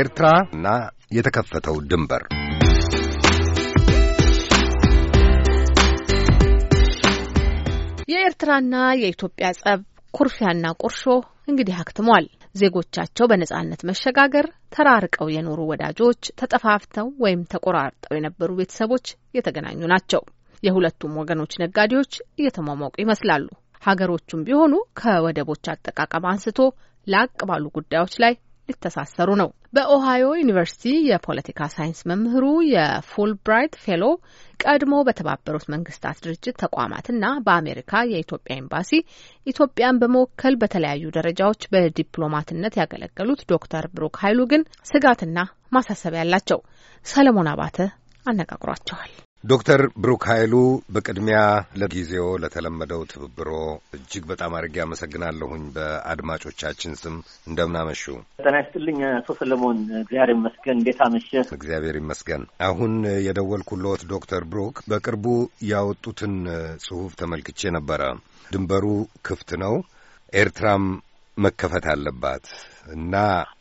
ኤርትራ እና የተከፈተው ድንበር የኤርትራና የኢትዮጵያ ጸብ ኩርፊያና ቁርሾ እንግዲህ አክትሟል። ዜጎቻቸው በነጻነት መሸጋገር፣ ተራርቀው የኖሩ ወዳጆች፣ ተጠፋፍተው ወይም ተቆራርጠው የነበሩ ቤተሰቦች የተገናኙ ናቸው። የሁለቱም ወገኖች ነጋዴዎች እየተሟሟቁ ይመስላሉ። ሀገሮቹም ቢሆኑ ከወደቦች አጠቃቀም አንስቶ ላቅ ባሉ ጉዳዮች ላይ ሊተሳሰሩ ነው። በኦሃዮ ዩኒቨርሲቲ የፖለቲካ ሳይንስ መምህሩ የፉልብራይት ፌሎ ቀድሞ በተባበሩት መንግስታት ድርጅት ተቋማትና በአሜሪካ የኢትዮጵያ ኤምባሲ ኢትዮጵያን በመወከል በተለያዩ ደረጃዎች በዲፕሎማትነት ያገለገሉት ዶክተር ብሩክ ኃይሉ ግን ስጋትና ማሳሰቢያ ያላቸው ሰለሞን አባተ አነጋግሯቸዋል። ዶክተር ብሩክ ኃይሉ በቅድሚያ ለጊዜው ለተለመደው ትብብሮ እጅግ በጣም አድርጌ አመሰግናለሁኝ። በአድማጮቻችን ስም እንደምናመሹ ጤና ይስጥልኝ አቶ ሰለሞን። እግዚአብሔር ይመስገን። እንዴት አመሸ? እግዚአብሔር ይመስገን። አሁን የደወልኩልዎት ዶክተር ብሩክ በቅርቡ ያወጡትን ጽሑፍ ተመልክቼ ነበረ። ድንበሩ ክፍት ነው ኤርትራም መከፈት አለባት እና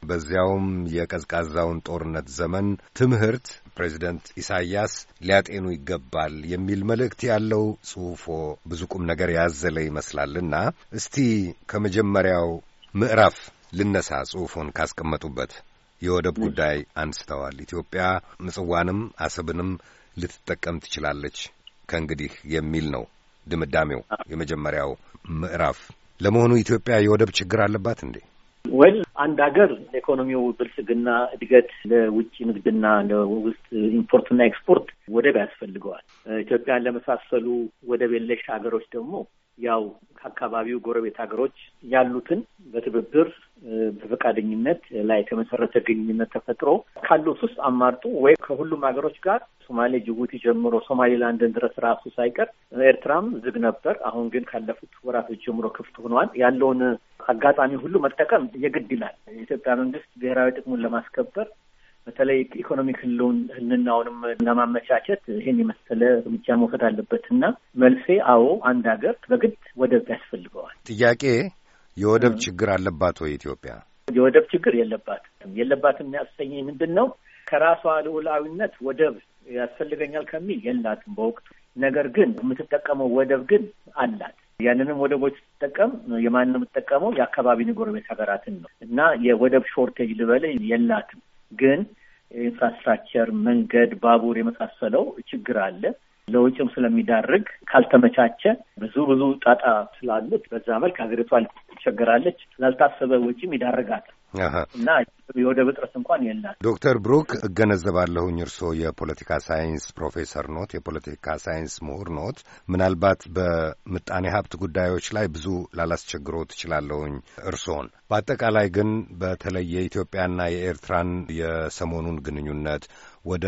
በዚያውም የቀዝቃዛውን ጦርነት ዘመን ትምህርት ፕሬዚደንት ኢሳያስ ሊያጤኑ ይገባል የሚል መልእክት ያለው ጽሑፎ ብዙ ቁም ነገር ያዘለ ይመስላልና እስቲ ከመጀመሪያው ምዕራፍ ልነሳ። ጽሑፎን ካስቀመጡበት የወደብ ጉዳይ አንስተዋል። ኢትዮጵያ ምጽዋንም አሰብንም ልትጠቀም ትችላለች ከእንግዲህ የሚል ነው ድምዳሜው የመጀመሪያው ምዕራፍ ለመሆኑ ኢትዮጵያ የወደብ ችግር አለባት እንዴ? ወል አንድ ሀገር ለኢኮኖሚው ብልጽግና እድገት፣ ለውጭ ንግድና ለውስጥ ኢምፖርትና ኤክስፖርት ወደብ ያስፈልገዋል። ኢትዮጵያን ለመሳሰሉ ወደብ የለሽ ሀገሮች ደግሞ ያው ከአካባቢው ጎረቤት ሀገሮች ያሉትን በትብብር በፈቃደኝነት ላይ የተመሰረተ ግንኙነት ተፈጥሮ ካሉት ውስጥ አማርጡ ወይ ከሁሉም ሀገሮች ጋር ሶማሌ፣ ጅቡቲ ጀምሮ ሶማሌላንድን ድረስ ራሱ ሳይቀር ኤርትራም ዝግ ነበር። አሁን ግን ካለፉት ወራቶች ጀምሮ ክፍት ሆኗል። ያለውን አጋጣሚ ሁሉ መጠቀም የግድ ይላል። የኢትዮጵያ መንግስት ብሔራዊ ጥቅሙን ለማስከበር በተለይ ኢኮኖሚ ክልሉን ህልውናውንም ለማመቻቸት ይህን የመሰለ እርምጃ መውሰድ አለበት እና መልሴ አዎ፣ አንድ ሀገር በግድ ወደብ ያስፈልገዋል። ጥያቄ የወደብ ችግር አለባት ወይ ኢትዮጵያ? የወደብ ችግር የለባትም። የለባትም የሚያሰኘኝ ምንድን ነው? ከራሷ ልዑላዊነት ወደብ ያስፈልገኛል ከሚል የላትም በወቅቱ። ነገር ግን የምትጠቀመው ወደብ ግን አላት። ያንንም ወደቦች ስትጠቀም የማን ነው የምትጠቀመው? የአካባቢ ጎረቤት ሀገራትን ነው እና የወደብ ሾርቴጅ ልበል የላትም። ግን ኢንፍራስትራክቸር፣ መንገድ፣ ባቡር የመሳሰለው ችግር አለ። ለውጭም ስለሚዳርግ ካልተመቻቸ ብዙ ብዙ ጣጣ ስላሉት በዛ መልክ ሀገሪቷ ትቸገራለች። ላልታሰበ ወጪም ይዳርጋል። እና የወደብ እጥረት እንኳን የላት። ዶክተር ብሩክ እገነዘባለሁኝ እርስዎ የፖለቲካ ሳይንስ ፕሮፌሰር ኖት፣ የፖለቲካ ሳይንስ ምሁር ኖት። ምናልባት በምጣኔ ሀብት ጉዳዮች ላይ ብዙ ላላስቸግሮ ትችላለሁኝ እርስዎን። በአጠቃላይ ግን በተለይ የኢትዮጵያና የኤርትራን የሰሞኑን ግንኙነት ወደ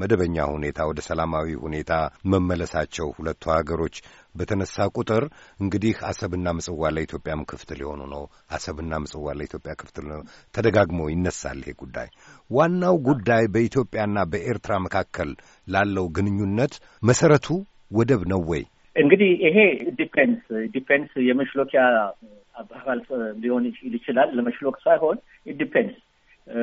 መደበኛ ሁኔታ ወደ ሰላማዊ ሁኔታ መመለሳቸው ሁለቱ ሀገሮች በተነሳ ቁጥር እንግዲህ አሰብና ምጽዋ ለኢትዮጵያም ክፍት ሊሆኑ ነው። አሰብና ምጽዋ ለኢትዮጵያ ክፍት ተደጋግሞ ይነሳል ይሄ ጉዳይ። ዋናው ጉዳይ በኢትዮጵያና በኤርትራ መካከል ላለው ግንኙነት መሰረቱ ወደብ ነው ወይ? እንግዲህ ይሄ ዲፌንስ ዲፌንስ የመሽሎኪያ አባባል ሊሆን ይችላል። ለመሽሎክ ሳይሆን ዲፌንስ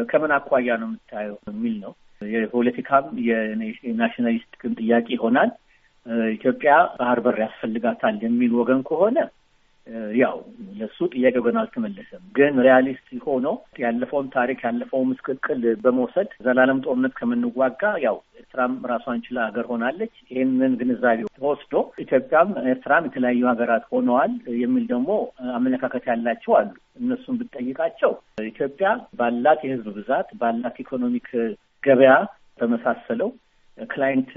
ከምን አኳያ ነው የምታየው የሚል ነው። የፖለቲካም የናሽናሊስት ጥቅም ጥያቄ ይሆናል። ኢትዮጵያ ባህር በር ያስፈልጋታል የሚል ወገን ከሆነ ያው ለሱ ጥያቄ ገና አልተመለሰም። ግን ሪያሊስት ሆኖ ያለፈውን ታሪክ ያለፈውን ምስቅልቅል በመውሰድ ዘላለም ጦርነት ከምንዋጋ ያው ኤርትራም ራሷን ችላ ሀገር ሆናለች። ይህንን ግንዛቤ ወስዶ ኢትዮጵያም ኤርትራም የተለያዩ ሀገራት ሆነዋል የሚል ደግሞ አመለካከት ያላቸው አሉ። እነሱን ብጠይቃቸው ኢትዮጵያ ባላት የህዝብ ብዛት ባላት ኢኮኖሚክ ገበያ በመሳሰለው ክላይንት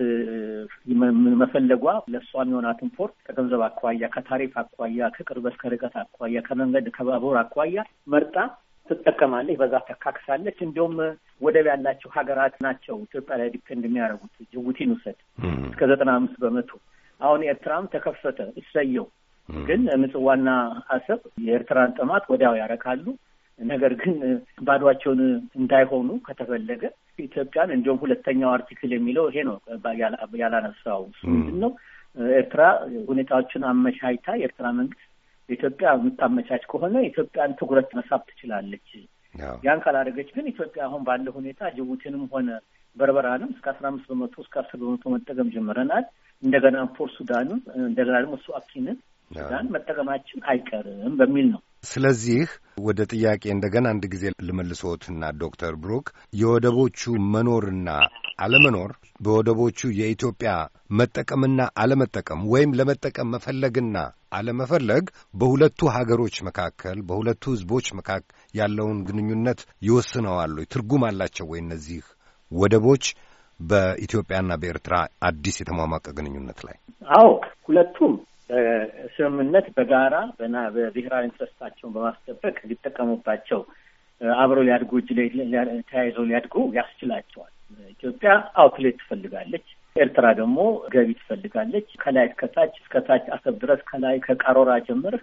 መፈለጓ ለእሷ የሚሆናትን ፖርት ከገንዘብ አኳያ፣ ከታሪፍ አኳያ፣ ከቅርበት ከርቀት አኳያ፣ ከመንገድ ከባቡር አኳያ መርጣ ትጠቀማለች። በዛ ተካክሳለች። እንዲሁም ወደብ ያላቸው ሀገራት ናቸው ኢትዮጵያ ላይ ዲፔንድ የሚያደርጉት። ጅቡቲን ውሰድ እስከ ዘጠና አምስት በመቶ አሁን ኤርትራም ተከፈተ እሰየው። ግን ምጽዋና አሰብ የኤርትራን ጥማት ወዲያው ያረካሉ። ነገር ግን ባዷቸውን እንዳይሆኑ ከተፈለገ ኢትዮጵያን እንዲሁም ሁለተኛው አርቲክል የሚለው ይሄ ነው ያላነሳው። እሱ ምንድን ነው? ኤርትራ ሁኔታዎችን አመቻችታ የኤርትራ መንግስት ለኢትዮጵያ የምታመቻች ከሆነ ኢትዮጵያን ትኩረት መሳብ ትችላለች። ያን ካላደረገች ግን ኢትዮጵያ አሁን ባለ ሁኔታ ጅቡቲንም ሆነ በርበራንም እስከ አስራ አምስት በመቶ እስከ አስር በመቶ መጠቀም ጀምረናል። እንደገና ፖር ሱዳንም እንደገና ደግሞ እሱ ሱዳን መጠቀማችን አይቀርም በሚል ነው ስለዚህ ወደ ጥያቄ እንደገና አንድ ጊዜ ልመልሶትና ዶክተር ብሩክ የወደቦቹ መኖርና አለመኖር በወደቦቹ የኢትዮጵያ መጠቀምና አለመጠቀም ወይም ለመጠቀም መፈለግና አለመፈለግ በሁለቱ ሀገሮች መካከል በሁለቱ ሕዝቦች መካከል ያለውን ግንኙነት ይወስነዋሉ። ትርጉም አላቸው ወይ እነዚህ ወደቦች በኢትዮጵያና በኤርትራ አዲስ የተሟሟቀ ግንኙነት ላይ? አዎ ሁለቱም ስምምነት በጋራ በና በብሔራዊ ኢንትረስታቸውን በማስጠበቅ ሊጠቀሙባቸው አብረው ሊያድጉ እጅ ተያይዘው ሊያድጉ ያስችላቸዋል። ኢትዮጵያ አውትሌት ትፈልጋለች። ኤርትራ ደግሞ ገቢ ትፈልጋለች። ከላይ እስከታች እስከታች አሰብ ድረስ ከላይ ከቀሮራ ጀምር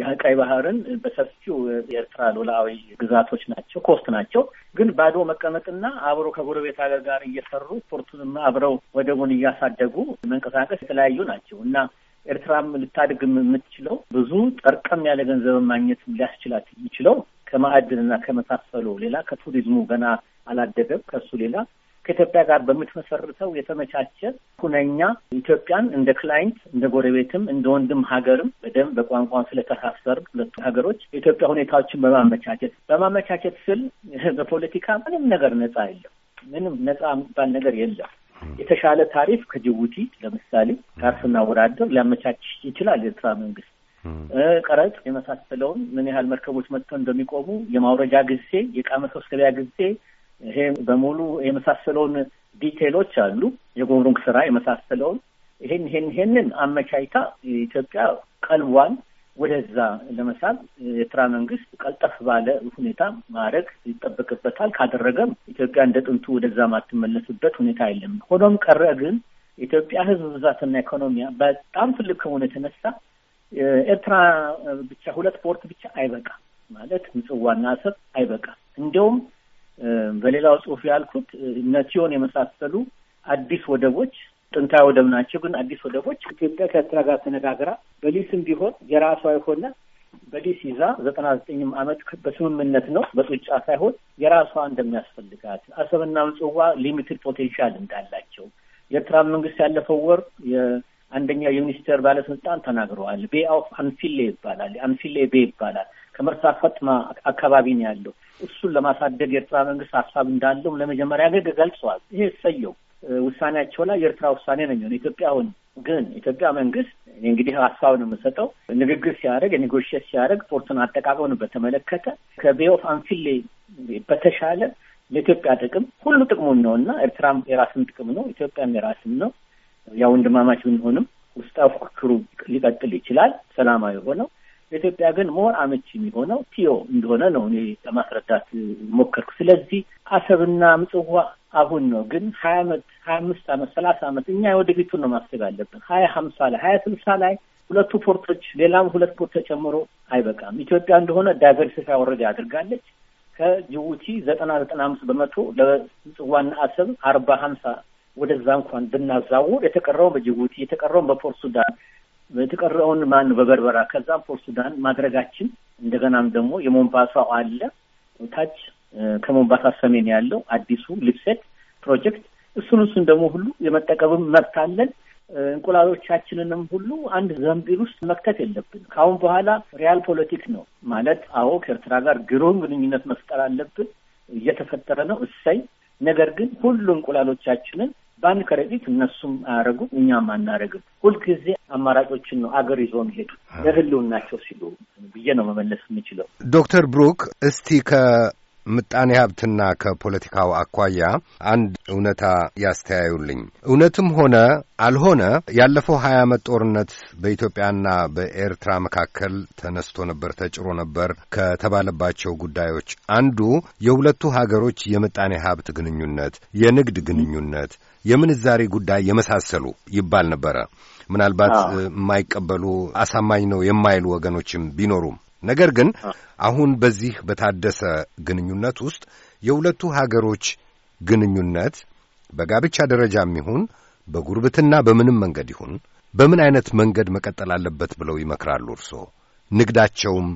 የቀይ ባህርን በሰፊው የኤርትራ ሉዓላዊ ግዛቶች ናቸው፣ ኮስት ናቸው። ግን ባዶ መቀመጥና አብሮ ከጎረቤት ሀገር ጋር እየሰሩ ፖርቱንም አብረው ወደቡን እያሳደጉ መንቀሳቀስ የተለያዩ ናቸው እና ኤርትራም ልታድግ የምትችለው ብዙ ጠርቀም ያለ ገንዘብ ማግኘት ሊያስችላት የሚችለው ከማዕድንና ከመሳሰሉ ሌላ ከቱሪዝሙ ገና አላደገም። ከሱ ሌላ ከኢትዮጵያ ጋር በምትመሰርተው የተመቻቸ ሁነኛ ኢትዮጵያን እንደ ክላይንት እንደ ጎረቤትም እንደ ወንድም ሀገርም በደም በቋንቋ ስለተሳሰር ሁለቱ ሀገሮች የኢትዮጵያ ሁኔታዎችን በማመቻቸት በማመቻቸት ስል በፖለቲካ ምንም ነገር ነጻ የለም። ምንም ነጻ የሚባል ነገር የለም። የተሻለ ታሪፍ ከጅቡቲ ለምሳሌ ጋር ስናወዳደር ሊያመቻች ይችላል የኤርትራ መንግስት። ቀረጥ የመሳሰለውን ምን ያህል መርከቦች መጥተው እንደሚቆሙ የማውረጃ ጊዜ፣ የዕቃ መሰብሰቢያ ጊዜ ይሄ በሙሉ የመሳሰለውን ዲቴሎች አሉ። የጉምሩክ ስራ የመሳሰለውን ይሄን ይሄን ይሄንን አመቻይታ ኢትዮጵያ ቀልቧን ወደዛ ለመሳብ የኤርትራ መንግስት ቀልጠፍ ባለ ሁኔታ ማድረግ ይጠበቅበታል። ካደረገም ኢትዮጵያ እንደ ጥንቱ ወደዛ ማትመለስበት ሁኔታ የለም። ሆኖም ቀረ ግን የኢትዮጵያ ሕዝብ ብዛትና ኢኮኖሚያ በጣም ትልቅ ከሆነ የተነሳ ኤርትራ ብቻ ሁለት ፖርት ብቻ አይበቃ ማለት ምጽዋና አሰብ አይበቃ። እንዲሁም በሌላው ጽሁፍ ያልኩት ነቲዮን የመሳሰሉ አዲስ ወደቦች ጥንታዊ ወደብ ናቸው። ግን አዲስ ወደቦች ኢትዮጵያ ከኤርትራ ጋር ተነጋግራ በሊስም ቢሆን የራሷ የሆነ በሊስ ይዛ ዘጠና ዘጠኝም ዓመት በስምምነት ነው በጡጫ ሳይሆን የራሷ እንደሚያስፈልጋት አሰብና ምጽዋ ሊሚትድ ፖቴንሻል እንዳላቸው የኤርትራ መንግስት ያለፈው ወር አንደኛው የሚኒስቴር ባለስልጣን ተናግረዋል። ቤ ኦፍ አንፊሌ ይባላል። አንፊሌ ቤ ይባላል። ከመርሳ ፈጥማ አካባቢ ነው ያለው። እሱን ለማሳደግ የኤርትራ መንግስት ሀሳብ እንዳለውም ለመጀመሪያ ጊዜ ገልጸዋል። ይህ ሰየው ውሳኔያቸው ላይ የኤርትራ ውሳኔ ነኝ ሆነ ኢትዮጵያ አሁን ግን ኢትዮጵያ መንግስት እንግዲህ ሀሳብ ነው የምሰጠው ንግግር ሲያደርግ ኔጎሽት ሲያደርግ ፖርቱን አጠቃቀሙን በተመለከተ ከቤይ ኦፍ አንፊሌ በተሻለ ለኢትዮጵያ ጥቅም ሁሉ ጥቅሙን ነው እና ኤርትራም የራስም ጥቅም ነው፣ ኢትዮጵያም የራስም ነው። ያው ወንድማማች ብንሆንም ውስጣዊ ፉክክሩ ሊቀጥል ይችላል። ሰላማዊ የሆነው ለኢትዮጵያ ግን መሆን አመች የሚሆነው ቲዮ እንደሆነ ነው እኔ ለማስረዳት ሞከርኩ። ስለዚህ አሰብና ምጽዋ አሁን ነው ግን ሀያ አመት ሀያ አምስት አመት ሰላሳ አመት እኛ ወደፊቱን ነው ማስብ ያለብን። ሀያ ሀምሳ ላይ ሀያ ስልሳ ላይ ሁለቱ ፖርቶች ሌላም ሁለት ፖርት ተጨምሮ አይበቃም። ኢትዮጵያ እንደሆነ ዳይቨርሲፋይ ወረዳ አድርጋለች። ከጅቡቲ ዘጠና ዘጠና አምስት በመቶ ለምጽዋና አሰብ አርባ ሀምሳ ወደዛ እንኳን ብናዛውር የተቀረውን በጅቡቲ የተቀረውን በፖርት ሱዳን የተቀረውን ማን በበርበራ ከዛም ፖርት ሱዳን ማድረጋችን እንደገናም ደግሞ የሞምባሳው አለ ታች ከሞንባሳ ሰሜን ያለው አዲሱ ሊፕሴት ፕሮጀክት እሱን እሱን ደግሞ ሁሉ የመጠቀምም መብት አለን። እንቁላሎቻችንንም ሁሉ አንድ ዘንቢል ውስጥ መክተት የለብን። ከአሁን በኋላ ሪያል ፖለቲክ ነው ማለት አዎ፣ ከኤርትራ ጋር ግሩም ግንኙነት መፍጠር አለብን። እየተፈጠረ ነው እሰይ። ነገር ግን ሁሉ እንቁላሎቻችንን በአንድ ከረጢት እነሱም አያደርጉም እኛም አናደርግም። ሁልጊዜ አማራጮችን ነው አገር ይዞ መሄዱ ለህልውናቸው ሲሉ ብዬ ነው መመለስ የምችለው። ዶክተር ብሩክ እስቲ ከምጣኔ ሀብትና ከፖለቲካው አኳያ አንድ እውነታ ያስተያዩልኝ። እውነትም ሆነ አልሆነ ያለፈው ሀያ ዓመት ጦርነት በኢትዮጵያና በኤርትራ መካከል ተነስቶ ነበር፣ ተጭሮ ነበር ከተባለባቸው ጉዳዮች አንዱ የሁለቱ ሀገሮች የምጣኔ ሀብት ግንኙነት፣ የንግድ ግንኙነት፣ የምንዛሬ ጉዳይ የመሳሰሉ ይባል ነበረ። ምናልባት የማይቀበሉ አሳማኝ ነው የማይሉ ወገኖችም ቢኖሩም ነገር ግን አሁን በዚህ በታደሰ ግንኙነት ውስጥ የሁለቱ ሀገሮች ግንኙነት በጋብቻ ደረጃም ይሁን በጉርብትና በምንም መንገድ ይሁን በምን አይነት መንገድ መቀጠል አለበት ብለው ይመክራሉ እርስዎ? ንግዳቸውም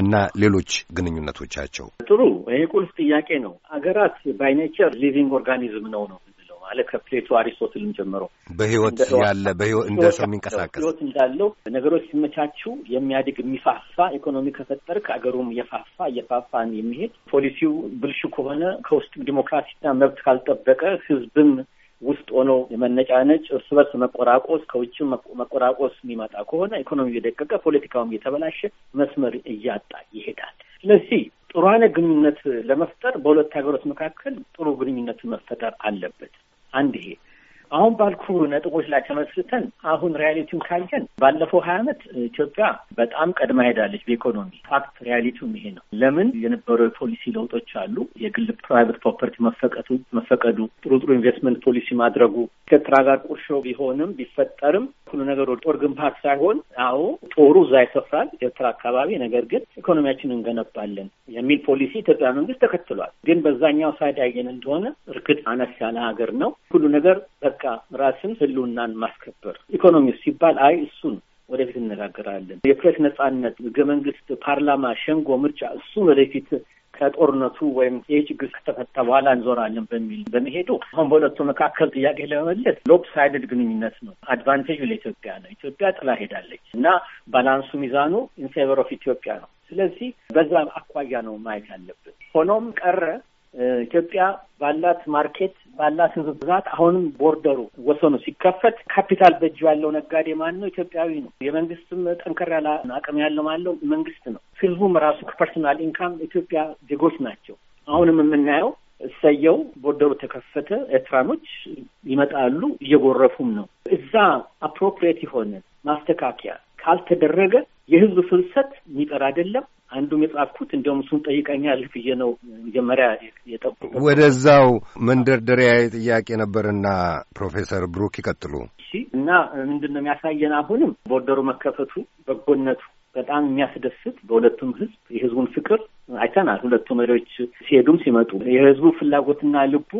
እና ሌሎች ግንኙነቶቻቸው ጥሩ። ይሄ ቁልፍ ጥያቄ ነው። ሀገራት ባይኔቸር ሊቪንግ ኦርጋኒዝም ነው ነው ማለት ከፕሌቶ አሪስቶትልን ጀምሮ በህይወት ያለ እንደ ሰው የሚንቀሳቀስ ህይወት እንዳለው ነገሮች ሲመቻቹ የሚያድግ የሚፋፋ ኢኮኖሚ ከፈጠር ከአገሩም እየፋፋ እየፋፋን የሚሄድ ፖሊሲው ብልሹ ከሆነ ከውስጥ ዲሞክራሲና መብት ካልጠበቀ ህዝብም ውስጥ ሆኖ የመነጫነጭ እርስ በርስ መቆራቆስ ከውጭ መቆራቆስ የሚመጣ ከሆነ ኢኮኖሚ እየደቀቀ ፖለቲካውም እየተበላሸ መስመር እያጣ ይሄዳል። ስለዚህ ጥሩ አይነት ግንኙነት ለመፍጠር በሁለት ሀገሮች መካከል ጥሩ ግንኙነት መፈጠር አለበት። አንድ ይሄ አሁን ባልኩ ነጥቦች ላይ ተመስርተን አሁን ሪያሊቲውን ካየን ባለፈው ሀያ ዓመት ኢትዮጵያ በጣም ቀድማ ሄዳለች በኢኮኖሚ ፋክት፣ ሪያሊቲውም ይሄ ነው። ለምን የነበረው የፖሊሲ ለውጦች አሉ። የግል ፕራይቬት ፕሮፐርቲ መፈቀቱ መፈቀዱ ጥሩ ጥሩ ኢንቨስትመንት ፖሊሲ ማድረጉ ከኤርትራ ጋር ቁርሾ ቢሆንም ቢፈጠርም ሁሉ ነገር ወደ ጦር ግንባር ሳይሆን አዎ ጦሩ እዛ ይሰፍራል ኤርትራ አካባቢ፣ ነገር ግን ኢኮኖሚያችን እንገነባለን የሚል ፖሊሲ ኢትዮጵያ መንግስት ተከትሏል። ግን በዛኛው ሳይድ ያየን እንደሆነ እርግጥ አነስ ያለ ሀገር ነው ሁሉ ነገር በቃ ራስን ህልውናን ማስከበር ኢኮኖሚው ሲባል አይ እሱን ወደፊት እነጋገራለን። የፕሬስ ነጻነት፣ ህገ መንግስት፣ ፓርላማ፣ ሸንጎ፣ ምርጫ እሱን ወደፊት ከጦርነቱ ወይም ይህ ችግር ከተፈታ በኋላ እንዞራለን በሚል በመሄዱ አሁን በሁለቱ መካከል ጥያቄ ለመመለስ ሎፕሳይድድ ግንኙነት ነው። አድቫንቴጁ ለኢትዮጵያ ነው። ኢትዮጵያ ጥላ ሄዳለች እና ባላንሱ ሚዛኑ ኢንፌቨር ኦፍ ኢትዮጵያ ነው። ስለዚህ በዛ አኳያ ነው ማየት ያለብን። ሆኖም ቀረ ኢትዮጵያ ባላት ማርኬት ባላት ህዝብ ብዛት አሁንም ቦርደሩ ወሰኑ ሲከፈት ካፒታል በእጁ ያለው ነጋዴ ማን ነው? ኢትዮጵያዊ ነው። የመንግስትም ጠንከር ያለ አቅም ያለው ማለው መንግስት ነው። ህዝቡም ራሱ ከፐርሶናል ኢንካም ኢትዮጵያ ዜጎች ናቸው። አሁንም የምናየው እሰየው ቦርደሩ ተከፈተ፣ ኤርትራኖች ይመጣሉ፣ እየጎረፉም ነው። እዛ አፕሮፕሪየት የሆነ ማስተካከያ ካልተደረገ የህዝብ ፍልሰት የሚጠር አይደለም። አንዱም የጻፍኩት እንደውም እሱን ጠይቀኛል ብዬ ነው መጀመሪያ የጠቁ ወደዛው መንደርደሪያ ጥያቄ ነበርና ፕሮፌሰር ብሩክ ይቀጥሉ። እሺ እና ምንድን ነው የሚያሳየን አሁንም ቦርደሩ መከፈቱ በጎነቱ በጣም የሚያስደስት በሁለቱም ህዝብ የህዝቡን ፍቅር አይተናል። ሁለቱ መሪዎች ሲሄዱም ሲመጡ የህዝቡ ፍላጎትና ልቡ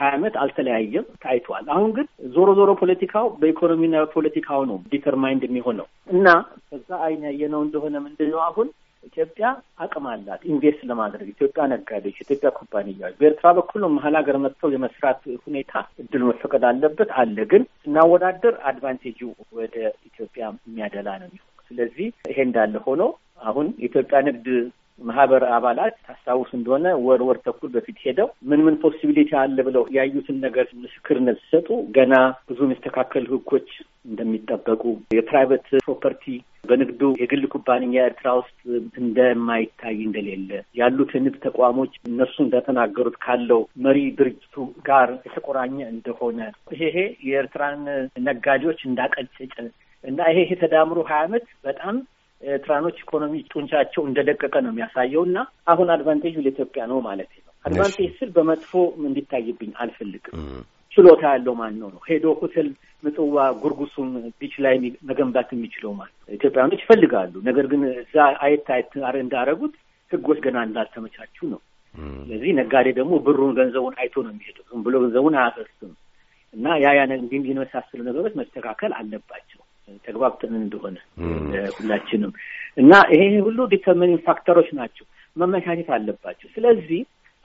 ሀያ ዓመት አልተለያየም ታይቷል። አሁን ግን ዞሮ ዞሮ ፖለቲካው በኢኮኖሚና በፖለቲካው ነው ዲተርማይንድ የሚሆነው እና ከዛ አይን ያየነው እንደሆነ ምንድን ነው አሁን ኢትዮጵያ አቅም አላት ኢንቨስት ለማድረግ ኢትዮጵያ ነጋዴዎች፣ ኢትዮጵያ ኩባንያዎች በኤርትራ በኩል መሀል ሀገር መጥተው የመስራት ሁኔታ እድል መፈቀድ አለበት አለ። ግን ስናወዳደር አድቫንቴጁ ወደ ኢትዮጵያ የሚያደላ ነው። ስለዚህ ይሄ እንዳለ ሆኖ አሁን የኢትዮጵያ ንግድ ማህበር አባላት ታስታውስ እንደሆነ ወር ወር ተኩል በፊት ሄደው ምን ምን ፖሲቢሊቲ አለ ብለው ያዩትን ነገር ምስክርነት ሲሰጡ ገና ብዙ የሚስተካከሉ ህጎች እንደሚጠበቁ የፕራይቬት ፕሮፐርቲ በንግዱ የግል ኩባንያ ኤርትራ ውስጥ እንደማይታይ እንደሌለ ያሉት የንግድ ተቋሞች እነሱ እንደተናገሩት ካለው መሪ ድርጅቱ ጋር የተቆራኘ እንደሆነ ይሄ የኤርትራን ነጋዴዎች እንዳቀጨጨ እና ይሄ ተዳምሮ ሀያ ዓመት በጣም ኤርትራኖች ኢኮኖሚ ጡንቻቸው እንደደቀቀ ነው የሚያሳየው እና አሁን አድቫንቴጁ ለኢትዮጵያ ነው ማለት ነው። አድቫንቴጅ ስል በመጥፎ እንዲታይብኝ አልፈልግም። ችሎታ ያለው ማን ነው ነው ሄዶ ሆቴል ምጽዋ ጉርጉሱን ቢች ላይ መገንባት የሚችለው ማለት ነው። ኢትዮጵያኖች ይፈልጋሉ። ነገር ግን እዛ አየት አየት እንዳረጉት ህጎች ገና እንዳልተመቻቹ ነው። ስለዚህ ነጋዴ ደግሞ ብሩን ገንዘቡን አይቶ ነው የሚሄደው። ዝም ብሎ ገንዘቡን አያፈርስም እና ያ ያ እንዲህ እንዲህ የመሳሰሉ ነገሮች መስተካከል አለባቸው። ተግባብተን እንደሆነ ሁላችንም እና ይሄ ሁሉ ዲተርሚኒንግ ፋክተሮች ናቸው፣ መመቻቸት አለባቸው። ስለዚህ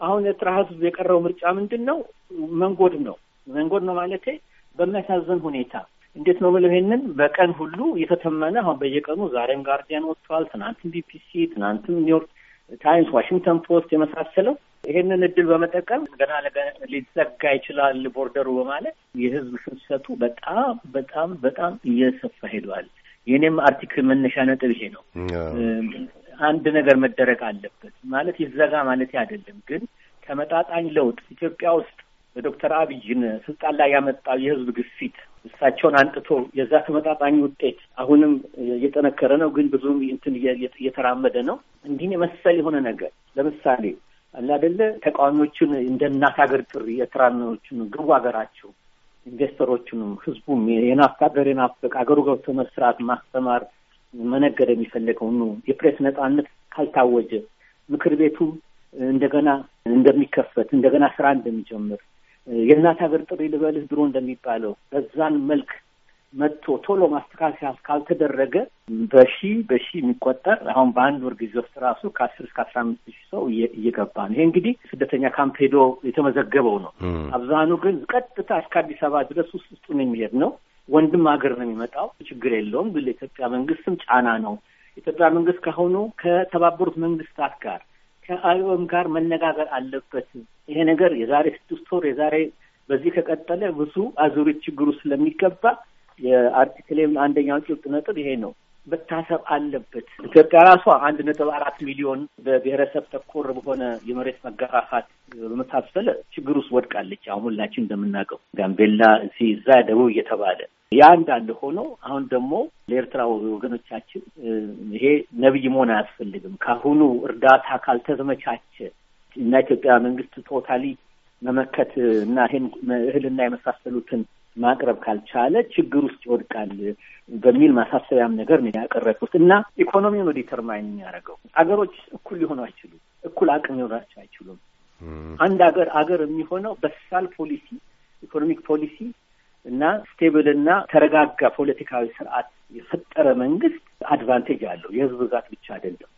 አሁን የኤርትራ ህዝብ የቀረው ምርጫ ምንድን ነው? መንጎድ ነው። መንጎድ ነው ማለት በሚያሳዝን ሁኔታ እንዴት ነው የምለው ይሄንን በቀን ሁሉ እየተተመነ አሁን በየቀኑ ዛሬም ጋርዲያን ወጥቷል፣ ትናንትም ቢቢሲ፣ ትናንትም ኒውዮርክ ታይምስ፣ ዋሽንግተን ፖስት የመሳሰለው ይህንን እድል በመጠቀም ገና ሊዘጋ ይችላል ቦርደሩ በማለት የህዝብ ፍሰቱ በጣም በጣም በጣም እየሰፋ ሄደዋል። የእኔም አርቲክል መነሻ ነጥብ ይሄ ነው። አንድ ነገር መደረግ አለበት ማለት ይዘጋ ማለት አይደለም፣ ግን ተመጣጣኝ ለውጥ ኢትዮጵያ ውስጥ በዶክተር አብይን ስልጣን ላይ ያመጣው የህዝብ ግፊት እሳቸውን አንጥቶ የዛ ተመጣጣኝ ውጤት አሁንም እየጠነከረ ነው፣ ግን ብዙም እንትን እየተራመደ ነው። እንዲህ የመሰል የሆነ ነገር ለምሳሌ እናደለ ተቃዋሚዎችን እንደ እናት ሀገር ጥሪ ኤርትራኖችን ግቡ ሀገራቸው፣ ኢንቨስተሮቹንም ህዝቡም የናፍቅ ሀገር የናፍቅ ሀገሩ ገብቶ መስራት፣ ማስተማር፣ መነገድ የሚፈለገው ኑ የፕሬስ ነጻነት ካልታወጀ ምክር ቤቱ እንደገና እንደሚከፈት እንደገና ስራ እንደሚጀምር የእናት ሀገር ጥሪ ልበልህ ድሮ እንደሚባለው በዛን መልክ መጥቶ ቶሎ ማስተካከያ ካልተደረገ በሺ በሺ የሚቆጠር አሁን በአንድ ወር ጊዜ ውስጥ ራሱ ከአስር እስከ አስራ አምስት ሺህ ሰው እየገባ ነው። ይሄ እንግዲህ ስደተኛ ካምፕ ሄዶ የተመዘገበው ነው። አብዛኑ ግን ቀጥታ እስከ አዲስ አበባ ድረስ ውስጥ ነው የሚሄድ ነው። ወንድም ሀገር ነው የሚመጣው። ችግር የለውም ግን ለኢትዮጵያ መንግስትም ጫና ነው። ኢትዮጵያ መንግስት ከሆኑ ከተባበሩት መንግስታት ጋር ከአይኦም ጋር መነጋገር አለበት። ይሄ ነገር የዛሬ ስድስት ወር የዛሬ በዚህ ከቀጠለ ብዙ አዙሪት ችግሩ ስለሚገባ የአርቲክሌም አንደኛው ጭብጥ ነጥብ ይሄ ነው። መታሰብ አለበት። ኢትዮጵያ ራሷ አንድ ነጥብ አራት ሚሊዮን በብሔረሰብ ተኮር በሆነ የመሬት መጋፋፋት በመሳሰለ ችግር ውስጥ ወድቃለች። አሁን ሁላችን እንደምናውቀው ጋምቤላ፣ እዚህ እዛ፣ ደቡብ እየተባለ ያ እንዳለ ሆኖ አሁን ደግሞ ለኤርትራ ወገኖቻችን ይሄ ነብይ መሆን አያስፈልግም። ካሁኑ እርዳታ ካልተዘመቻቸ እና ኢትዮጵያ መንግስት ቶታሊ መመከት እና ይህን እህልና የመሳሰሉትን ማቅረብ ካልቻለ ችግር ውስጥ ይወድቃል በሚል ማሳሰቢያም ነገር ነው ያቀረብኩት እና ኢኮኖሚውን ዲተርማይን የሚያደርገው አገሮች እኩል ሊሆኑ አይችሉም። እኩል አቅም ሊሆናቸው አይችሉም። አንድ አገር አገር የሚሆነው በሳል ፖሊሲ፣ ኢኮኖሚክ ፖሊሲ እና ስቴብል እና ተረጋጋ ፖለቲካዊ ስርዓት የፈጠረ መንግስት አድቫንቴጅ አለው። የህዝብ ብዛት ብቻ አይደለም።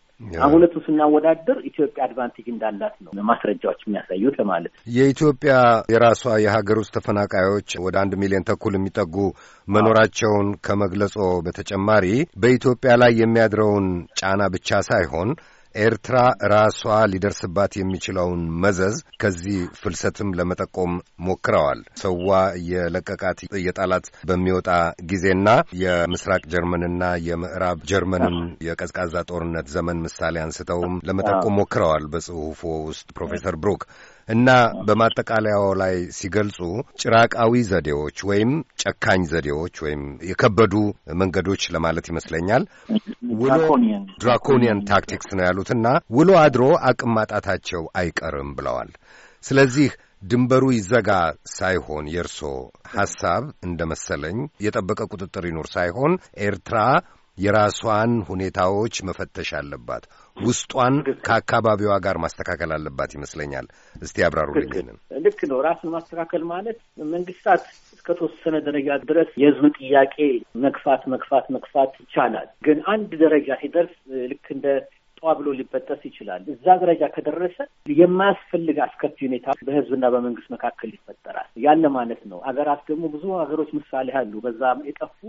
አሁን እሱ ስናወዳደር ኢትዮጵያ አድቫንቴጅ እንዳላት ነው ማስረጃዎች የሚያሳዩት ለማለት ነው። የኢትዮጵያ የራሷ የሀገር ውስጥ ተፈናቃዮች ወደ አንድ ሚሊዮን ተኩል የሚጠጉ መኖራቸውን ከመግለጾ በተጨማሪ በኢትዮጵያ ላይ የሚያድረውን ጫና ብቻ ሳይሆን ኤርትራ ራሷ ሊደርስባት የሚችለውን መዘዝ ከዚህ ፍልሰትም ለመጠቆም ሞክረዋል። ሰዋ የለቀቃት የጣላት በሚወጣ ጊዜና የምስራቅ ጀርመንና የምዕራብ ጀርመንን የቀዝቃዛ ጦርነት ዘመን ምሳሌ አንስተውም ለመጠቆም ሞክረዋል በጽሁፎ ውስጥ ፕሮፌሰር ብሩክ እና በማጠቃለያው ላይ ሲገልጹ ጭራቃዊ ዘዴዎች ወይም ጨካኝ ዘዴዎች ወይም የከበዱ መንገዶች ለማለት ይመስለኛል ውሎ ድራኮኒያን ታክቲክስ ነው ያሉትና ውሎ አድሮ አቅም ማጣታቸው አይቀርም ብለዋል። ስለዚህ ድንበሩ ይዘጋ ሳይሆን የእርሶ ሐሳብ እንደ መሰለኝ የጠበቀ ቁጥጥር ይኑር ሳይሆን ኤርትራ የራሷን ሁኔታዎች መፈተሽ አለባት። ውስጧን ከአካባቢዋ ጋር ማስተካከል አለባት ይመስለኛል። እስቲ ያብራሩልኝ ይሄንን። ልክ ነው። ራስን ማስተካከል ማለት መንግስታት እስከተወሰነ ደረጃ ድረስ የህዝብን ጥያቄ መግፋት መግፋት መግፋት ይቻላል። ግን አንድ ደረጃ ሲደርስ ልክ እንደ ጠዋ ብሎ ሊበጠስ ይችላል። እዛ ደረጃ ከደረሰ የማያስፈልግ አስከፊ ሁኔታ በህዝብና በመንግስት መካከል ይፈጠራል። ያለ ማለት ነው። ሀገራት ደግሞ ብዙ ሀገሮች ምሳሌ አሉ። በዛ የጠፉ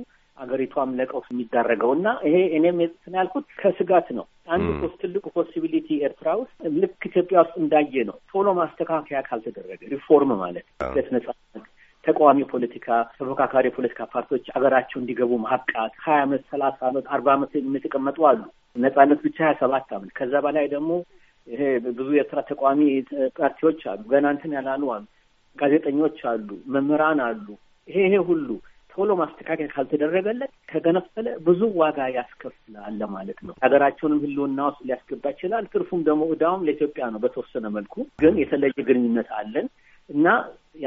አገሪቷም ለቀውስ የሚዳረገው እና ይሄ እኔም ስን ያልኩት ከስጋት ነው። አንድ ፖስ ትልቁ ፖሲቢሊቲ ኤርትራ ውስጥ ልክ ኢትዮጵያ ውስጥ እንዳየ ነው። ቶሎ ማስተካከያ ካልተደረገ ሪፎርም ማለት ለት ነጻነት፣ ተቃዋሚ ፖለቲካ ተፎካካሪ የፖለቲካ ፓርቲዎች አገራቸው እንዲገቡ ማብቃት ሀያ አመት ሰላሳ አመት አርባ አመት የተቀመጡ አሉ። ነጻነት ብቻ ሀያ ሰባት አመት ከዛ በላይ ደግሞ ይሄ ብዙ የኤርትራ ተቃዋሚ ፓርቲዎች አሉ። ገና እንትን ያላሉ አሉ። ጋዜጠኞች አሉ። መምህራን አሉ። ይሄ ይሄ ሁሉ ቶሎ ማስተካከል ካልተደረገለት ከገነፈለ ብዙ ዋጋ ያስከፍላል ለማለት ነው። ሀገራቸውንም ሕልውና ውስጥ ሊያስገባ ይችላል። ትርፉም ደግሞ እዳውም ለኢትዮጵያ ነው። በተወሰነ መልኩ ግን የተለየ ግንኙነት አለን። እና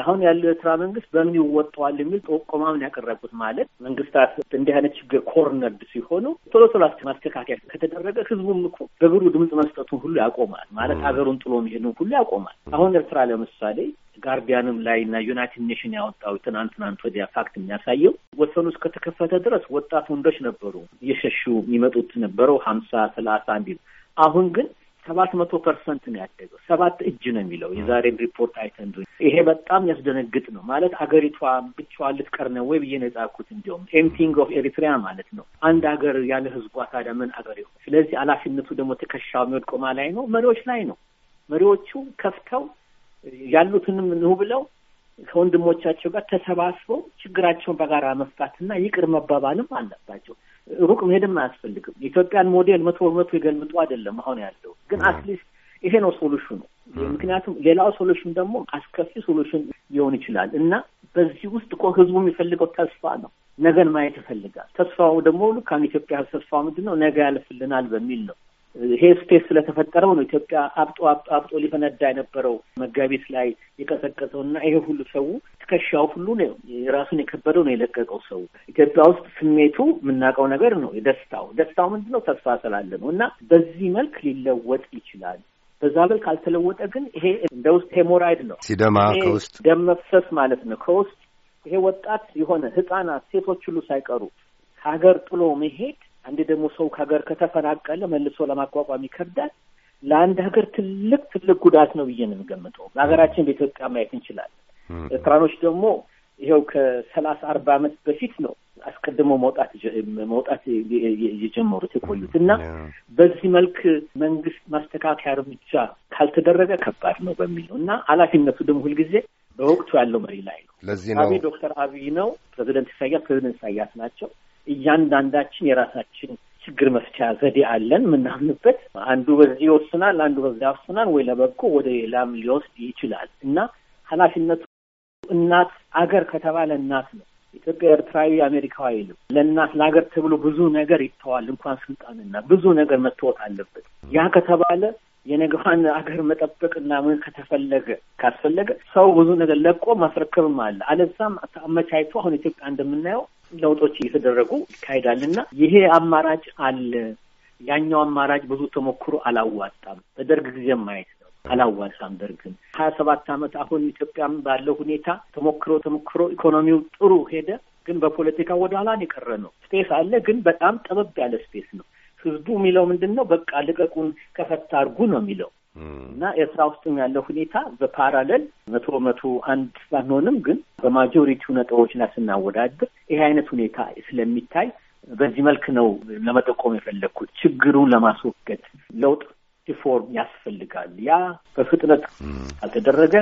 አሁን ያለው የኤርትራ መንግስት በምን ይወጣዋል የሚል ጠቆማውን ያቀረቡት ማለት መንግስታት እንዲህ አይነት ችግር ኮርነርድ ሲሆኑ ቶሎ ቶሎ ማስተካከያ ከተደረገ ህዝቡም እኮ በብሩ ድምፅ መስጠቱን ሁሉ ያቆማል ማለት ሀገሩን ጥሎ መሄዱን ሁሉ ያቆማል። አሁን ኤርትራ ለምሳሌ ጋርዲያንም ላይ እና ዩናይትድ ኔሽን ያወጣው ትናንት ትናንት ወዲያ ፋክት የሚያሳየው ወሰኑ እስከተከፈተ ድረስ ወጣት ወንዶች ነበሩ እየሸሹ የሚመጡት ነበረው ሀምሳ ሰላሳ እንዲል አሁን ግን ሰባት መቶ ፐርሰንት ነው ያደገው። ሰባት እጅ ነው የሚለው የዛሬም ሪፖርት አይተን ይሄ በጣም ያስደነግጥ ነው ማለት አገሪቷ ብቻዋን ልትቀር ነው ወይ ብዬ ነው የጻፍኩት። እንዲሁም ኤምቲንግ ኦፍ ኤሪትሪያ ማለት ነው አንድ ሀገር ያለ ህዝቧ ታዲያ ምን ሀገር ይሆን? ስለዚህ ኃላፊነቱ ደግሞ ትከሻው የሚወድቀው ማ ላይ ነው? መሪዎች ላይ ነው። መሪዎቹ ከፍተው ያሉትንም ንሁ ብለው ከወንድሞቻቸው ጋር ተሰባስበው ችግራቸውን በጋራ መፍታትና ይቅር መባባልም አለባቸው። ሩቅ መሄድም አያስፈልግም። የኢትዮጵያን ሞዴል መቶ በመቶ የገልምጡ አይደለም አሁን ያለው ግን አትሊስት ይሄ ነው ሶሉሽኑ። ምክንያቱም ሌላው ሶሉሽን ደግሞ አስከፊ ሶሉሽን ሊሆን ይችላል እና በዚህ ውስጥ እኮ ህዝቡ የሚፈልገው ተስፋ ነው። ነገን ማየት ይፈልጋል። ተስፋው ደግሞ ልክ ኢትዮጵያ ተስፋ ምንድን ነው? ነገ ያልፍልናል በሚል ነው ይሄ ስፔስ ስለተፈጠረው ነው ኢትዮጵያ አብጦ አብጦ አብጦ ሊፈነዳ የነበረው መጋቢት ላይ የቀሰቀሰው እና ይሄ ሁሉ ሰው ትከሻው ሁሉ ነው የራሱን የከበደው ነው የለቀቀው። ሰው ኢትዮጵያ ውስጥ ስሜቱ የምናውቀው ነገር ነው። የደስታው ደስታው ምንድን ነው? ተስፋ ስላለ ነው። እና በዚህ መልክ ሊለወጥ ይችላል። በዛ መልክ ካልተለወጠ ግን ይሄ እንደ ውስጥ ሄሞራይድ ነው፣ ሲደማ ከውስጥ ደም መፍሰስ ማለት ነው። ከውስጥ ይሄ ወጣት የሆነ ህጻናት፣ ሴቶች ሁሉ ሳይቀሩ ሀገር ጥሎ መሄድ አንዴ ደግሞ ሰው ከሀገር ከተፈናቀለ መልሶ ለማቋቋም ይከብዳል። ለአንድ ሀገር ትልቅ ትልቅ ጉዳት ነው ብዬ ነው የምገምጠው። በሀገራችን በኢትዮጵያ ማየት እንችላለን። ኤርትራኖች ደግሞ ይኸው ከሰላሳ አርባ ዓመት በፊት ነው አስቀድሞ መውጣት መውጣት የጀመሩት የቆዩት እና በዚህ መልክ መንግስት ማስተካከያ እርምጃ ካልተደረገ ከባድ ነው በሚል ነው እና ኃላፊነቱ ደግሞ ሁልጊዜ በወቅቱ ያለው መሪ ላይ ነው። ለዚህ ነው ዶክተር አብይ ነው ፕሬዚደንት ኢሳያስ ፕሬዚደንት ኢሳያስ ናቸው እያንዳንዳችን የራሳችን ችግር መፍቻ ዘዴ አለን የምናምንበት። አንዱ በዚህ ይወስናል፣ አንዱ በዚያ ይወስናል፣ ወይ ለበጎ ወደ ሌላም ሊወስድ ይችላል እና ኃላፊነቱ እናት አገር ከተባለ እናት ነው። ኢትዮጵያ ኤርትራዊ አሜሪካዊ ነው። ለእናት ለሀገር ተብሎ ብዙ ነገር ይተዋል። እንኳን ስልጣንና ብዙ ነገር መተወት አለበት። ያ ከተባለ የነገሯን አገር መጠበቅና ምን ከተፈለገ ካስፈለገ ሰው ብዙ ነገር ለቆ ማስረከብም አለ። አለዛም መቻይቶ አሁን ኢትዮጵያ እንደምናየው ለውጦች እየተደረጉ ይካሄዳል እና ይሄ አማራጭ አለ። ያኛው አማራጭ ብዙ ተሞክሮ አላዋጣም። በደርግ ጊዜ ማየት ነው አላዋጣም። ደርግም ሀያ ሰባት ዓመት አሁን ኢትዮጵያም ባለው ሁኔታ ተሞክሮ ተሞክሮ ኢኮኖሚው ጥሩ ሄደ፣ ግን በፖለቲካ ወደ ኋላን የቀረ ነው። ስፔስ አለ፣ ግን በጣም ጠበብ ያለ ስፔስ ነው። ህዝቡ የሚለው ምንድን ነው? በቃ ልቀቁን፣ ከፈታ አርጉ ነው የሚለው። እና ኤርትራ ውስጥም ያለው ሁኔታ በፓራለል መቶ መቶ አንድ ባንሆንም ግን በማጆሪቲው ነጥቦች ላይ ስናወዳድር ይሄ አይነት ሁኔታ ስለሚታይ በዚህ መልክ ነው ለመጠቆም የፈለግኩት። ችግሩን ለማስወገድ ለውጥ ሪፎርም ያስፈልጋል። ያ በፍጥነት ካልተደረገ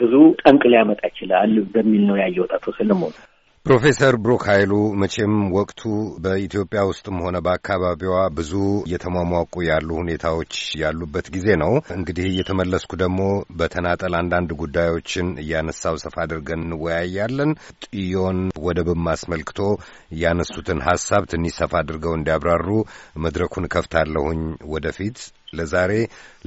ብዙ ጠንቅ ሊያመጣ ይችላል በሚል ነው ያየሁት አቶ ሰለሞን። ፕሮፌሰር ብሩክ ኃይሉ መቼም ወቅቱ በኢትዮጵያ ውስጥም ሆነ በአካባቢዋ ብዙ እየተሟሟቁ ያሉ ሁኔታዎች ያሉበት ጊዜ ነው። እንግዲህ እየተመለስኩ ደግሞ በተናጠል አንዳንድ ጉዳዮችን እያነሳው ሰፋ አድርገን እንወያያለን። ጥዮን ወደብም አስመልክቶ ያነሱትን ሀሳብ ትንሽ ሰፋ አድርገው እንዲያብራሩ መድረኩን ከፍታለሁኝ ወደፊት ለዛሬ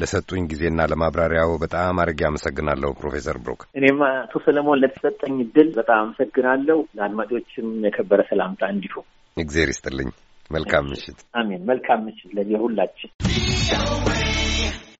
ለሰጡኝ ጊዜና ለማብራሪያው በጣም አድርጌ አመሰግናለሁ ፕሮፌሰር ብሩክ። እኔም አቶ ሰለሞን ለተሰጠኝ እድል በጣም አመሰግናለሁ። ለአድማጮችም የከበረ ሰላምታ እንዲሁ እግዜር ይስጥልኝ። መልካም ምሽት። አሜን። መልካም ምሽት አሜን መልካም ምሽት ሁላችን